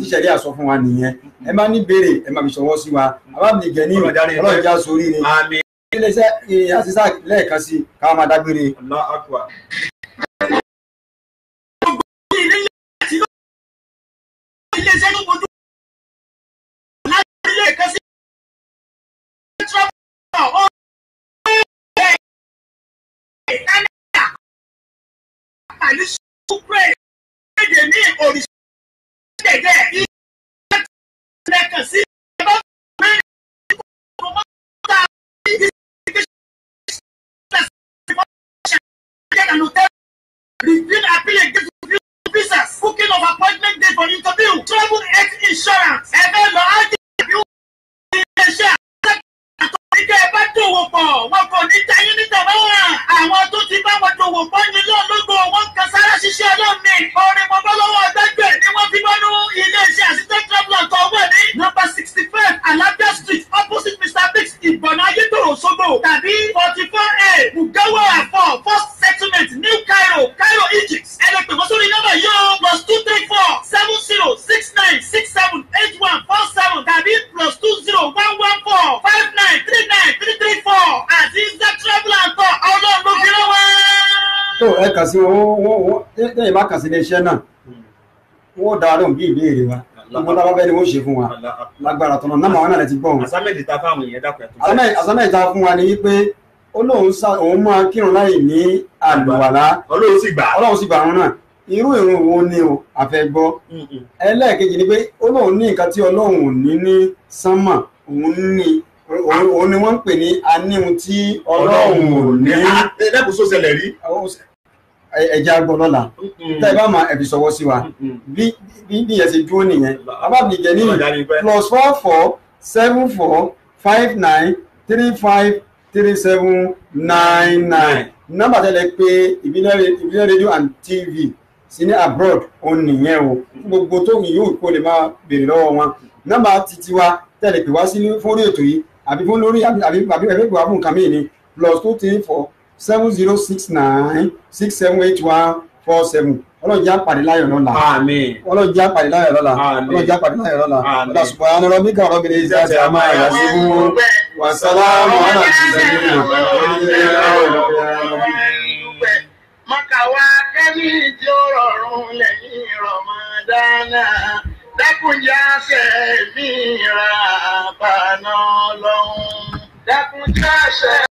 tíṣẹ̀rí àsọ fún wa nìyẹn ẹ má ní béèrè ẹ má fi ṣọwọ́ sí wa àbábìlì jẹ́ ní ọlọ́ọ̀jà sórí ni iléeṣẹ́ àṣìṣà lẹ́ẹ̀kan sí káwọn máa dágbére. iléeṣẹ́ ló wojú lábílẹ̀ kan sí tíráfíà lẹ́kàn a bí ìgbésẹ̀ ṣe hotel review appeal booking of appointment date for interview travel health insurance ẹgbẹ́ lọ ájẹ́. dòwò pọ̀ wọn kò ní tayín níjọba wà àwọn tó ti bá wọn dòwò pọ̀ ní lọ́lọ́gbò wọn kan sára ṣiṣẹ́ ọlọ́ọ̀ni orin mọ́bọ́lọ́wọ́ ọ̀dẹ́gbẹ̀ ni wọ́n fi bọ́nú iléeṣẹ́ àṣìṣe traveler tó wà ní nọ́mbà sixty five alabia street opposite mr biggs ìbọ̀nà ayétòrò sógbò tàbí forty four a bugawa four first settlement new cairo cairo egypt ẹni pè wọ́n sórí nọ́mbà yìí o plus two three four seven zero six nine six seven eight one four seven tàbí plus two zero one one four five nine three nine three three three four àti iṣẹ́ traveller ń tọ̀ ọlọ́run ló fi lọ́wọ́. tó ẹ kà sí wọn wọn wọn lẹ́yìn bá kà sí iléeṣẹ́ náà wọn dá lóhùn bí ìbéèrè wa ọmọ dábàá bẹ́ẹ̀ ni wọ́n ṣe fún wa lágbára tọ̀nà náà màwọn náà lè ti gbọ́ wọn. àsámẹ́ẹ̀dì ta fáwọn èèyàn dàpọ̀ ẹ̀tọ́. àsámẹ́ẹ̀dì ta fún wa ni wípé olóhùn sá òun máa kírun láì ní àlùwàlá olóhùn sì gbà olóhùn sì gbà wọn náà irú ìrun wo ni o àfẹ́gbọ́ ẹlẹ́ẹ̀kejì ni pé olóhùn ní nǹkan tí ọlọ́hùn ò ní ní sánmà òun ní o ni wọ́n ń pè ní aníhun tí ọlọ́run ò ní. lẹ́kùn sọ ṣẹlẹ̀ rí. ẹ̀jẹ̀ agbọ̀n lọ́la tẹ́ ẹ bá máa ẹ̀bí sọ̀wọ́ sí wa bí ìyẹn ti dúró nìyẹn abábìjẹ ní plus four four seven four five nine three five three seven nine nine nọ́mbà tẹ́lẹ̀ pé ìbílẹ̀ rédíò and tv sí ní abroad òun nìyẹn o gbogbo tóun yóò kó lè máa béèrè lọ́wọ́ wọn nọ́mbà titi wa tẹ́lẹ̀ pè wá sí fún ètò yìí àbí fún lórí àbí àbí àbí ẹgbẹ́ fún nǹkan mìíràn ni plus two three four seven zero six nine six seven eight one four seven ọlọ́run jẹ́ àpàdé láyọ̀ lọ́la ọlọ́run jẹ́ àpàdé láyọ̀ lọ́la ọlọ́run jẹ́ àpàdé láyọ̀ lọ́la ọlọ́run ṣùgbọ́n àwọn ọlọ́run bíkà ọlọ́run bìnrin ṣe àti àmà ẹ̀yà sí fún wàsálàmù ọ̀nà ìṣẹ̀lẹ̀ mọ̀kàwá kẹ́mí tí ó rọrùn lẹ́yìn rọ̀mọ̀dánà dákúnjà sẹ́mi rà bàná lọ́hùn dákúnjà sẹ́mi.